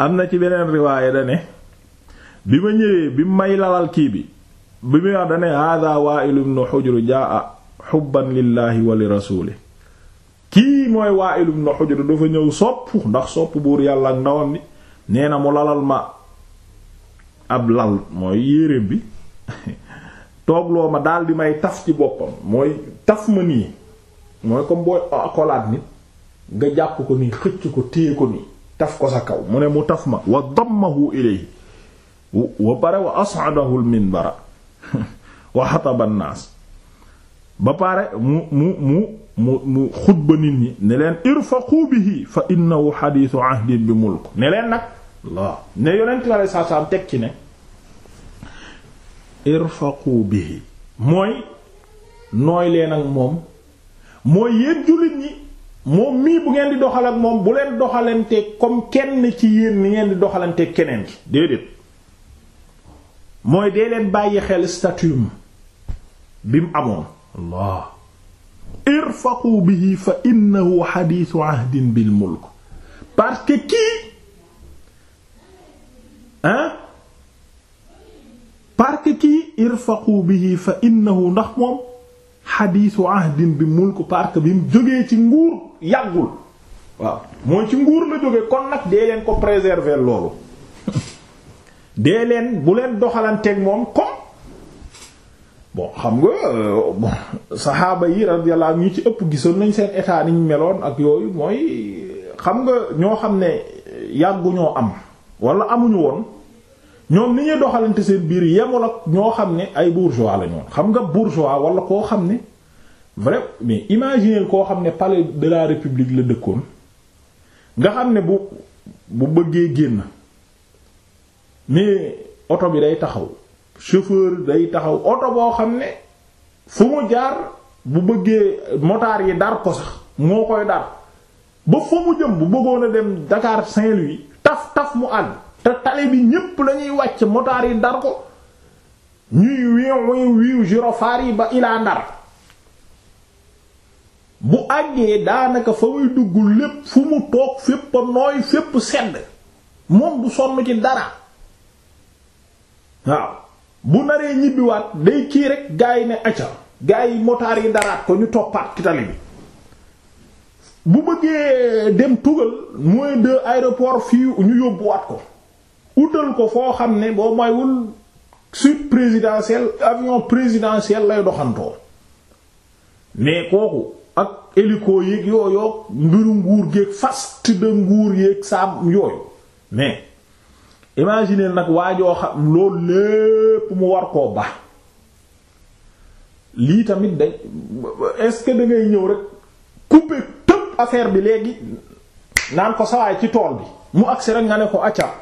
am na ci beneen riwaaya da ne bi ma ñëwee bi may lalal kii bi bi muy wax da ne hàdda Wa'il ibn Hujr jaa xubban lillaahi wa li rasuuli kii mooy Wa'il ibn Hujr dafa ñëw sopp ndax sopp buur yàlla ak ndawam bi nee na mu lalal ma ab lal mooy yéreem bi toogloo ma daal may taf ci boppam mooy taf ma nii mooy comme booy akolaat nit nga jàpp ko nii xëcc ko téye ko nii taf ko sa kaw mu ne mu taf ma wa dammahu ilayhi wa pare wa as'adahu al wa xataba naas ba pare mu mu mu mu xutba nit ñi ne irfaqu bihi fa innahu xadiisu ahdin bi mulk ne teg ci ne irfaqu bihi mooy nooy leen ak moom mooy yéen jullit ñi moom mii bu ngeen di doxal moom bu leen doxalante comme kenn ci yéen ni ngeen di doxalante keneen ki déedéet mooy dee leen bàyyi xel statuum bi mu amoon Allah irfaqu bihi fa innahu xadiisu ahdin bil mulk kii irfaqu bihi fa innahu ndax moom xadiisu ahdin bi mulk parce que bi mu jógee ci nguur yàggul waaw mooy ci nguur la jóge kon nag dee leen ko préserver loolu dee leen bu leen doxalanteek moom ko bon xam nga euh, saxaaba yi radiyallahu ñu ci ëpp gisoon nañ seen état niñ meloon ak yooyu mooy xam nga ñoo xam ne yàgguñoo am wala amuñu woon ñoom ni ñuy doxalante seen biir yemul ak ñoo xam ne ay bourgeois lañu xam nga bourgeois wala koo xam ne vrai mais imaginez koo xam ne palais de la république la dëkkoon nga xam ne bu bu bëggee génn mais oto bi day taxaw chauffeur day taxaw oto boo xam ne fu mu jaar bu bëggee motaar yi dar ko sax moo koy dar ba fa mu jëm bu bëggoon a dem Dakar Saint-Louis taf taf mu àgg te tali bi ñépp lañuy wàcc motaar yi dar ko ñuy wiiw wiiw wiiw gyrophare yi ba ilaa Ndar bu àggee daanaka fa muy dugg lépp fu mu toog fépp a nooy fépp sedd moom du sonn ci dara waaw bu naree ñibbiwaat day kii rek gaa yi ne acca gaa yi motaar yi daraat ko ñu toppaat ci tali bi bu bëggee dem tugal mooy de aéroport fii ñu yóbbuwaat ko utal ko foo xam ne boo maywul sut présidentielle avion présidentielle lay doxantoo mais kooku hélico yéeg yooyoog mbiru nguur géeg faste de nguur yéeg saam yooyu mais imaginez nag waajoo xam loolu lépp mu war ko ba lii tamit dañ est-ce ñëw rek couper tëb affaire bi léegi naan ko sawaay ci tool bi mu agsi rek nga ne ko acca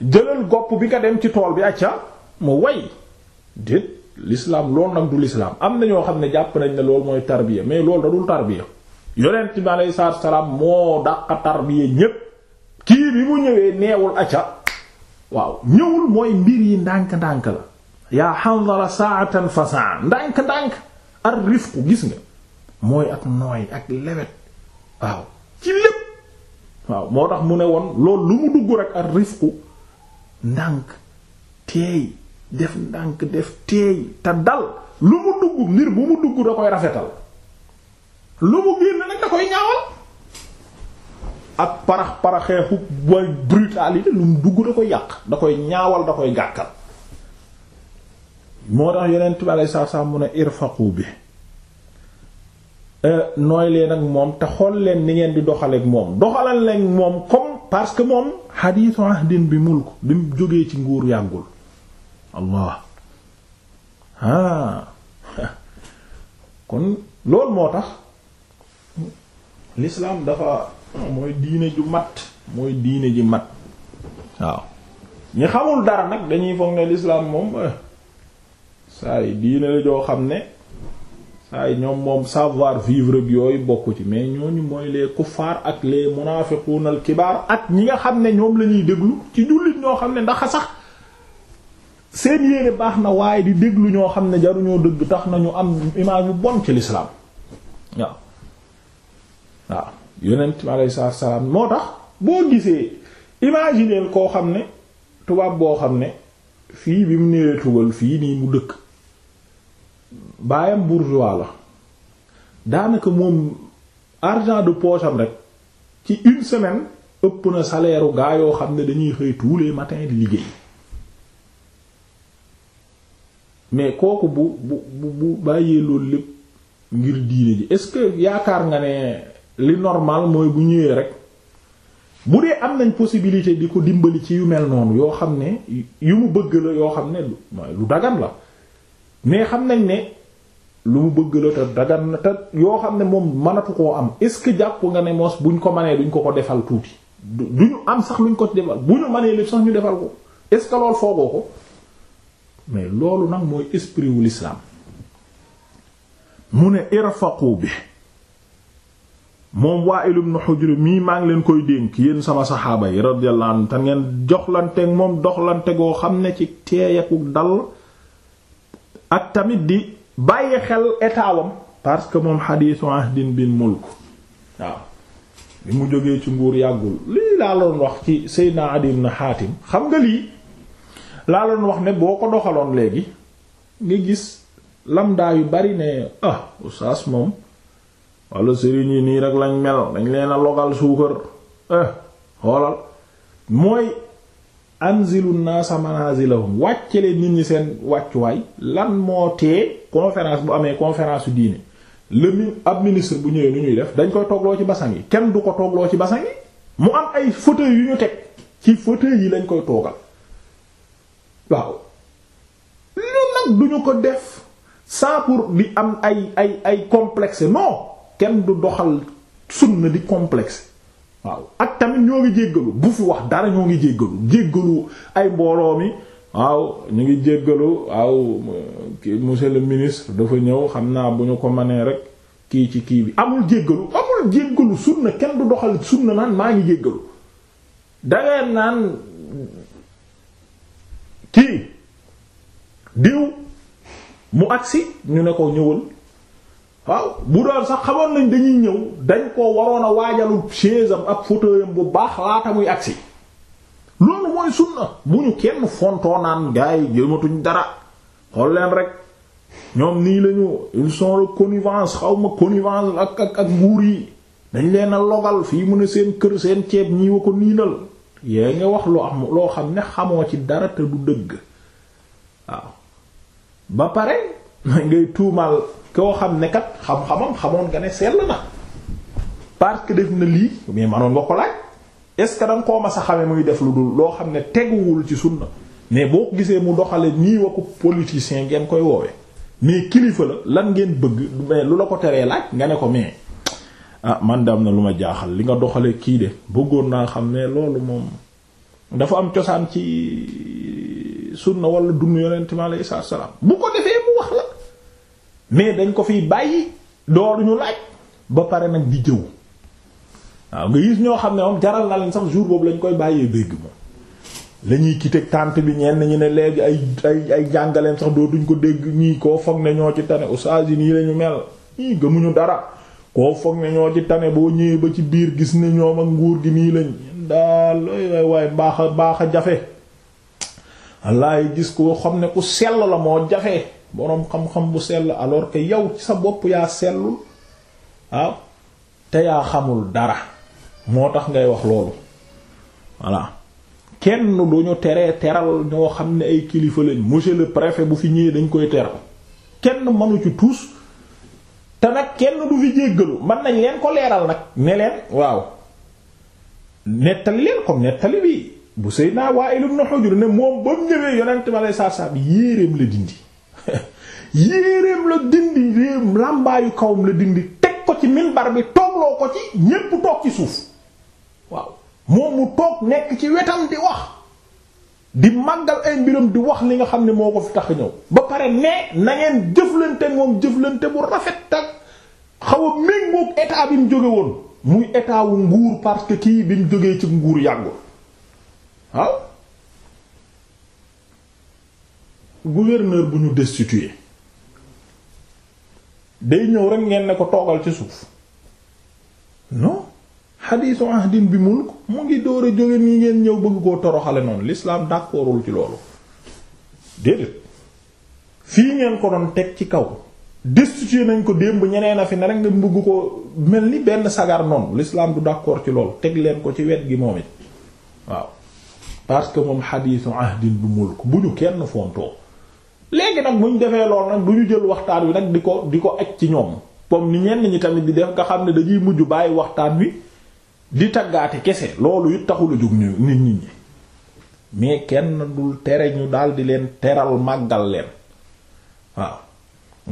jëlal gopp bi nga dem ci tool bi acca mu way déet lislaam loolu nag du lislaam am na ñoo xam ne jàpp nañ na loolu mooy tarbiya mais loolu da dul tarbiya yonent bi aleyhi salaam moo dàq tarbiya ñépp kii bi mu ñëwee neewul acca waaw ñëwul mooy mbir yi ndànk-ndànk la yaa Hanzala saatan fa saa ndànk-ndànk ar rifqu gis nga mooy ak nooy ak lewet waaw ci lépp waaw moo tax mu ne woon loolu lu mu dugg rek ar rifqu ndànk teey def ndànk def teey te dal lu mu dugg mbir bu mu dugg da koy rafetal lu mu génn nag da koy ñaawal ak parax paraxeexu way brutalité lu mu dugg da ko yàq da koy ñaawal da koy gàkkal moo tax yeneen tibale saa saa mu ne irfaqu bi euh, nooy leen ak moom te xool leen ni ngeen di doxaleek moom doxalal leen moom comme parce que moom xadiitu ahdin bi mulk bi mu jógee ci nguur yàggul allah kon loolu moo tax lislaam dafa mooy diine ju mat mooy diine ji mat waaw ñi xamul dara nag dañuy foog ne l'islam moom eh, saa yi diine la joo xam ne saa ñoom moom savoir vivre ak yooyu bokk ci mais ñooñu mooy les kuffar ak les munafiqun kibaar ak ñi nga xam ne ñoom lañuy ñuy déglu ci jullit ñoo xam ne ndax sax seen yéene baax na waaye di déglu ñoo xam ne jaruñoo dëgg tax nañu am image bu bon ci l'islam waaw waaw yonent mi alayhi salaam moo tax boo gisee imaginer koo xam ne tubaab boo xam ne fii bi mu néewee tugal fii nii mu dëkk baayam bourgeois la daanaka moom argent de poche am rek ci une semaine ëpp na salaire gaa yoo xam ne dañuy xëy tous les di liggéey mais kooku bu bu bu bàyyee loolu lépp ngir diine ji est-ce que yaakaar nga ne li normal mooy bu ñëwee rek bu dee am nañ possibilité di ko dimbali ci yu mel noonu yoo xam ne yu mu bëgg la yoo xam ne lu dagan la mais xam nañ ne lu mu bëgg la te dagan na te yoo xam ne moom manatu koo am est-ce que jàpp nga ne mos buñ ko mënee luñ ko ko defal tuuti du duñu am sax luñ ko defal bu ñu mënee lépp sax ñu defal ko est-ce que loolu foogoo ko. mais loolu nag mooy esprit wu l'islam mu ne irfaqu bi moom Wa'il ibn Hujr mii maa ngi leen koy dénk yéen sama saxaaba yi radiyallahu anhu ngeen joxlanteeg moom doxlante goo xam ne ci teeyaku dal ak tamit di bàyyi xel état parce que moom xadiisu ahdin bin mulk waaw bi mu jógee ci nguur yàggul lii laa doon wax ci Seydina Adi ibn Hatim xam nga lii laa doon wax ne boo ko doxaloon léegi ngi gis lamda yu bari ne ah oustaz moom wala sëriñ yi nii rek lañ mel dañ leen a logal suukar eh xoolal mooy anzilu naasa manazilahum wàcce leen nit ñi seen wàccuwaay lan moo tee conférence bu amee conférence yu diine le ab ministre bu ñëwee nu ñuy def dañ koy toogloo ci basan yi kenn du ko toogloo ci basan yi mu am ay fauteuil yu ñu teg ci fauteuil yi lañ koy toogal waaw lu nag duñu ko def sans pour di am ay ay ay complexe non kenn du doxal na di complex waaw ak tamit ñoo ngi jéggalu bu fi wax dara ñoo ngi jéggalu jéggalu ay mbooloo mi waaw ñu ngi jéggalu waaw monsieur le ministre dafa ñëw xam naa bu ñu ko manee rek kii ci kii bi amul jéggalu amul jéggalu na kenn du doxal sut na naan maa ngi jéggalu dangeen naan kii diw mu agsi ñu ne ko ñëwal waaw bu doon sax xamoon nañ dañuy ñëw dañ ko waroon a waajalul chaise am ak fauteuil am bu baax laata muy agsi loolu mooy sunna bu ñu kenn fontoonaan gars yi jëmatuñ dara xool leen rek ñoom nii lañu ils sont le connivence xaw ma connivence ak ak nguur yi dañ leen a logal fii mu ne seen kër seen ceeb ñii ko niinal yee nga wax loo am loo xam ne xamoo ci dara te du dëgg waaw ba pare ngay tuumaal koo xam ne kat xam-xamam xamoon nga ne sell na parce que def na lii mais manoon nga ko laaj est-ce que da nga koo mas a xame muy def lu dul loo xam ne teguwul ci sunna mais boo ko gisee mu doxale nii wa ko politicien ngeen koy woowee mais kilifa la lan ngeen bëgg mais lu la ko teree laaj nga ne ko mais ah man de na lu ma jaaxal li nga doxale kii de bëggoon naa xam ne loolu moom dafa am cosaan ci sunna wala dund yonent ma alayhi salaatu salaam bu ko defee mu wax la mais dañ ko fiy bàyyi dooru ñu laaj ba pare nag di jëw waaw nga gis ñoo xam ne moom jaral naa leen sax jour boobu lañ koy bàyyee bégg moom la ñuy kite tànt bi ñenn ñu ne léegi ay ay ay jàngaleem sax doo duñ ko dégg ñii koo foog ne ñoo ci tane oustaz nii lañu mel ñii gëmuñu dara koo foog ne ñoo ci tane boo ñëwee ba ci biir gis ne ñoom ak nguur gi nii lañ daal waaye baax a baax a jafe wallaay gis koo xam ne ku sell la moo jafe boroom xam-xam bu sell alors que yow ci sa bopp yaa sellul waaw te yaa xamul dara moo tax ngay wax loolu voilà kenn du ñu teree teral ñoo xam ne ay kilifa lañ monsieur le préfet bu fi ñëwee dañ koy teral kenn mënu ci tous te nag kenn du fi jéggalu man nañ leen ko leeral nag ne leen waaw nettali leen ko nettali bi bu Seydina Wa'il ibn Hujr ne moom ba mu ñëwee yonent ma lay saar-saar bi yéeréem la dindi yéeréem la dindi réem làmbaayu kawam la dindi teg ko ci minbar bi toog loo ko ci ñépp toog ci suuf waaw moom mu toog nekk ci wetam di wax di màggal ay mbiram di wax li nga xam ne moo ko fi tax ñëw ba pare ne na jëflante moom jëflante bu rafet ak xaw a méngoog état bi mu jóge woon muy état wu nguur parce que kii bi mu jógee ci nguur yàggul waaw gouverneur bu ñu destitué day ñëw rek ngeen ne ko toogal ci suuf xadiisu ahdin bi mulk mu ngi door a jóge nii ngeen ñëw bëgg koo toroxale noonu lislaam d'accordul ci loolu déedéet fii ngeen ko doon teg ci kaw destitué nañ ko démb ñeneen a fi ne rek nga bëgg ko mel ni benn sagar noonu l'islam du d'accord ci loolu teg leen ko ci wet gi moom it waaw parce que moom xadiisu ahdin bi mulk bu ñu kenn fontoo léegi nag bu ñu defee loolu nag du ñu jël waxtaan wi nag di ko di ko aj ci ñoom comme ni ñenn ñi tamit di def nga xam ne dañuy mujj bàyyi waxtaan wi li taggaate kese loolu it taxul a jóg nit nit ñi mais kenn dul tere ñu daal di leen teral màggal leen waaw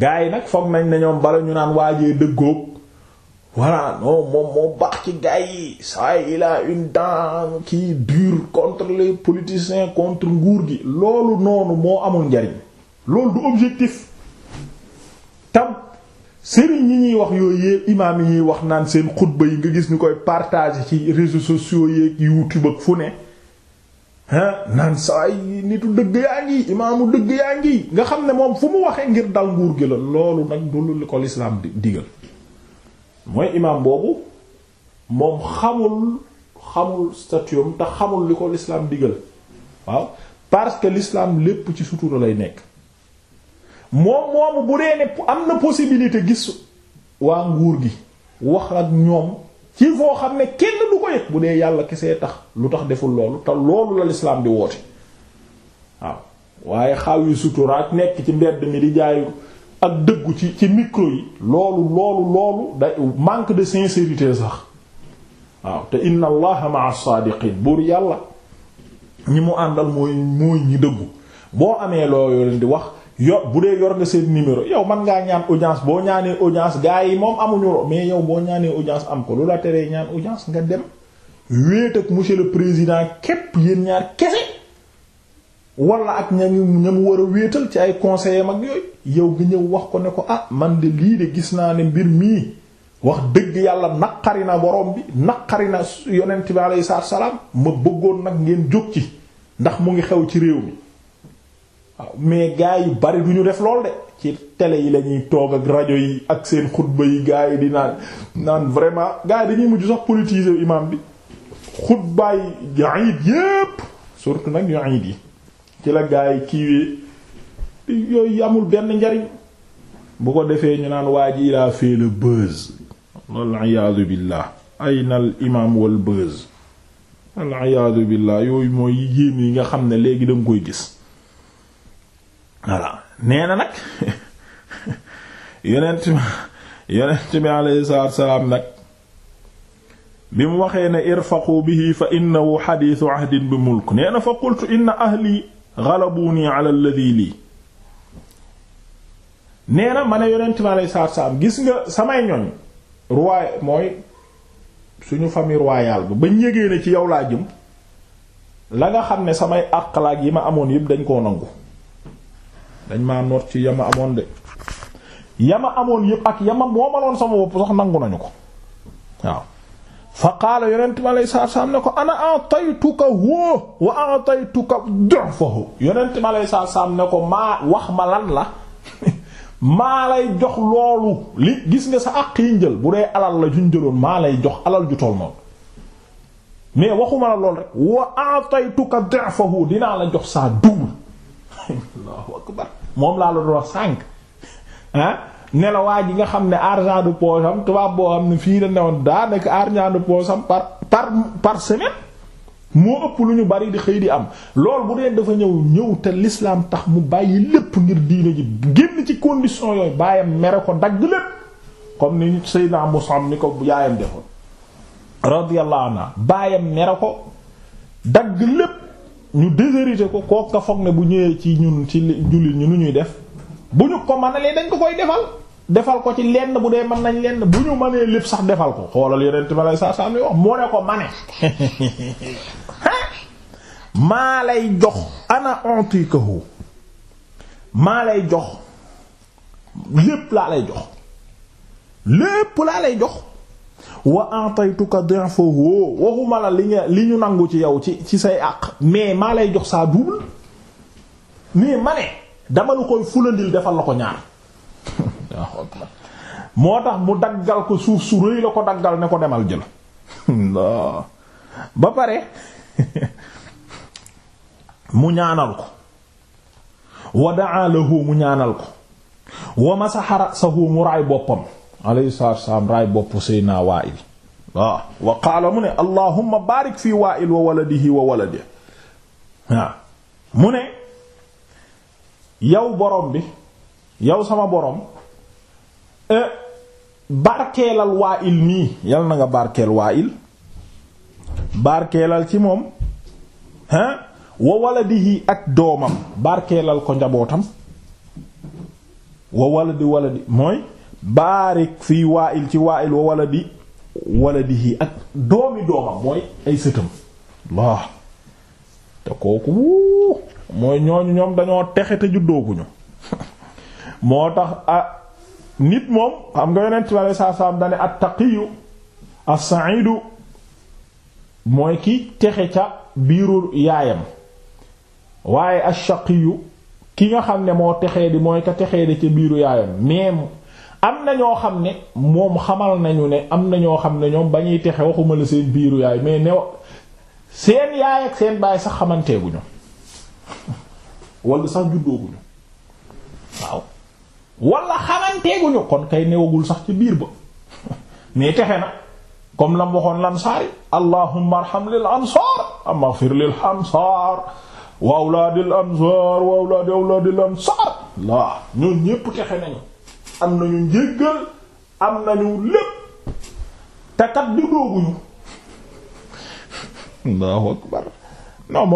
gars yi nag foog nañ ne ñoom ñu naan waajee dëggoog voilà non moom moo baax ci gars yi ça il a une dent qui dure contre les politiciens contre nguur gi loolu noonu moo amul njariñ loolu du objectif tam sëriñ ñi ñuy wax yooyu yépp imaam yi ñuy wax naan seen xutba yi nga gis ñu koy partage ci réseaux sociaux yeeg YouTube ak fu ne ah naan saa nitu dëgg yaa ngi imaamu dëgg yaa ngi nga xam ne moom fu mu waxee ngir dal nguur gi la loolu nag du lu ko lislaam digal mooy imaam boobu moom xamul xamul statuam te xamul li ko lislaam digal waaw parce que l'islam lépp ci sutura lay nekk moom moomu bu dee ne am na possibilité gis waa nguur gi wax ak ñoom ci foo xam ne kenn du ko yëg bu dee yàlla kese tax lu tax deful loolu te loolu la lislaam di woote waaw waaye xaw yi suturaak nekk ci mbedd mi di jaayu ak dëggu ci ci micro yi loolu loolu loolu day manque de sincérité sax waaw te inna allaha ma'a as-saadiqin buur yàlla ñi mu àndal mooy mooy ñi dëggu boo amee loolu leen di wax yo bu dee yor nga seen numéro yow man ngaa ñaan audience boo ñaanee audience gars yi moom amuñu mais yow boo ñaanee audience am ko lu la teree ñaan audience nga dem wéet ak monsieur le président képp yéen ñaar kese wala ak ñañu ñam war a wéetal ci ay conseillers mag yooyu yow nga ñëw wax ko ne ko ah man de lii de gis naa ne mbir mii wax dëgg yàlla naqari na borom bi naqari na yonent bi alayhi salaam ma bëggoon nag ngeen jóg ci ndax mu ngi xew ci réew mi. waaw mais gars yi bari du ñu def lool de ci télé yi lañuy ñuy toog ak rajo yi ak seen xutba yi gars yi di naan naan vraiment gars yi dañuy mujj sax politiser imam bi xutbaay iid yépp surtout nag yu iid yi ci la gars yi kiiwee yooyu amul benn njariñ bu ko defee ñu naan waa ji il a fait le buzz wal iyaadu billah ayna al imam wal buzz wal iyaadu billah yooyu mooy yéen yi nga xam ne léegi danga koy gis voilà nee na nag yonent yonent bi alayhi salaam nag bi mu waxee ne irfaqu bihi fa innahu xadiisu ahdin bi mulk nee na fa qultu inna ahli ghalabuni ala alladhi lii nee na ma ne yonent bi alayhi salaatu salaam gis nga samay ñoñ roi mooy suñu famille royale ba bañ yégee ne ci yow laa jëm la nga xam ne samay àq la yi ma amoon yëpp dañ koo nangu dañ maa noot ci yama amoon de yama amoon yëpp ak yama moomaloon sama bopp sax nangu nañu ko waaw fa qaala yonent mi alayhi salaatu salaam ne ko ana a'taytuka wa a'taytuka du'fahu yonent mi alayhi salaatu salaam ne ko maa wax ma lan la maa lay jox loolu li gis nga sa àq yi njël bu dee alal la juñ jëloon maa lay jox alal ju tool noonu mais waxuma la lool rek wa a'taytuka du'fahu dinaa la jox saa duub moom laa la doon wax sànq ah ji nga xam ne argent de poche am tubaab boo xam ne fii la newoon daanaka argent de poche am par par par semaine moo ëpp lu ñu bari di xëy di am lool bu dee dafa ñëw ñëw te lislaam tax mu bàyyi lépp ngir diine ji génn ci condition yooyu baayam mere ko dagg lépp comme ni Seydina Mus'ab ni ko yaayam defoon radiyallahu anha baayam mere ko dagg lépp ñu déshérité ko kooku nga foog ne bu ñëwee ci ñun ci jullit ñu nu ñuy def bu ñu ko mënalee dañ ko koy defal defal ko ci lenn bu dee mën nañ lenn bu ñu mënee lépp sax defal ko xoolal yeneen ma lay sa sa wax moo ne ko mane maa lay jox ana antikahu maa lay jox lépp laa lay jox lépp laa lay jox wa a'taytuka di'fahu waxuma la li nga li ñu nangu ci yow ci ci say àq mais maa lay jox saa double mais ma ne dama lu koy fulandil defal la ko ñaar moo tax mu daggal ko suuf su rëy la ko daggal ne ko demal jël ba pare mu ñaanal ko wa da'a lahu mu ñaanal ko wa masaha ra'sahu mu raay boppam alayhi salaatu wassalaam raay bopp Seydina Waa'il waaw ah, wa mu ne allahumma baarik fii Waa'il wa waladihi wa waladihi waaw mu ne yow borom bi yow sama borom eh, barkeelal Waa'il mii yal na nga barkeel Waa'il barkeelal ci moom hein wa waladihi ak doomam barkeelal ko njabootam wa waladi waladi mooy baarik fii waa'il ci waa'il wa waladi waladihi ak doomi doomam mooy ay sëtam waaw te kooku mooy ñooñu ñoom dañoo texe te juddooguñu moo tax a nit moom xam nga yonent bi alei saa salaam dane at-taqiyu as-sa'idu mooy ki texe ca biiru yaayam waaye ash-shaqiyu ki nga xam ne moo texe di mooy ka texee di ca biiru yaayam même am na ñoo xam ne moom xamal nañu ne am na ñoo xam ne ñoom ba ñuy texe waxuma la seen biiru yaay mais new seen yaay ak seen baay sax xamanteeguñu wala sax juddooguñu waaw wala xamanteeguñu kon kay newagul sax ci biir ba mais texe na comme lam waxoon lansaari allahumma arham lil ansaar amma ighfir lil ansaar wa awlaadil ansaar awlaadi ansaar laa ñoom ñépp texe nañu am nañu njéggal am nañu lépp te kat di dooguñu moo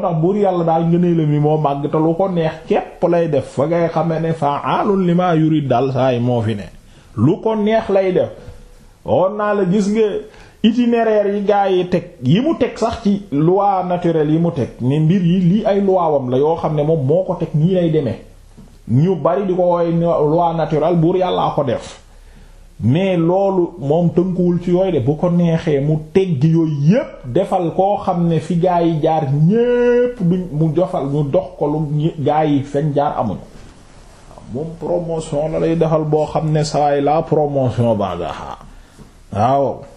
tax buur yàlla daal ngëneelam yi moo màgg te lu ko neex képp lay def fa ngay xamee ne fa'aalun limaa yurid daal saa yi moo fi ne lu ko neex lay def woon naa la gis nga itinéraire yi gaa yi teg yi mu teg sax ci loi naturel yi mu teg ne mbir yi lii ay loi la yoo xam ne moom moo ko teg nii lay demee ñu bari di ko wooy loi naturelle buur yàllaa ko def mais loolu moom tënkuwul ci yooyu de bu ko neexee mu teggi yooyu yépp defal koo xam ne fi gaa yi jaar ñépp duñ mu jofal mu dox ko lu gaa yi feñ jaar amuñu moom promotion la lay defal boo xam ne sawaay la promotion badaha waaw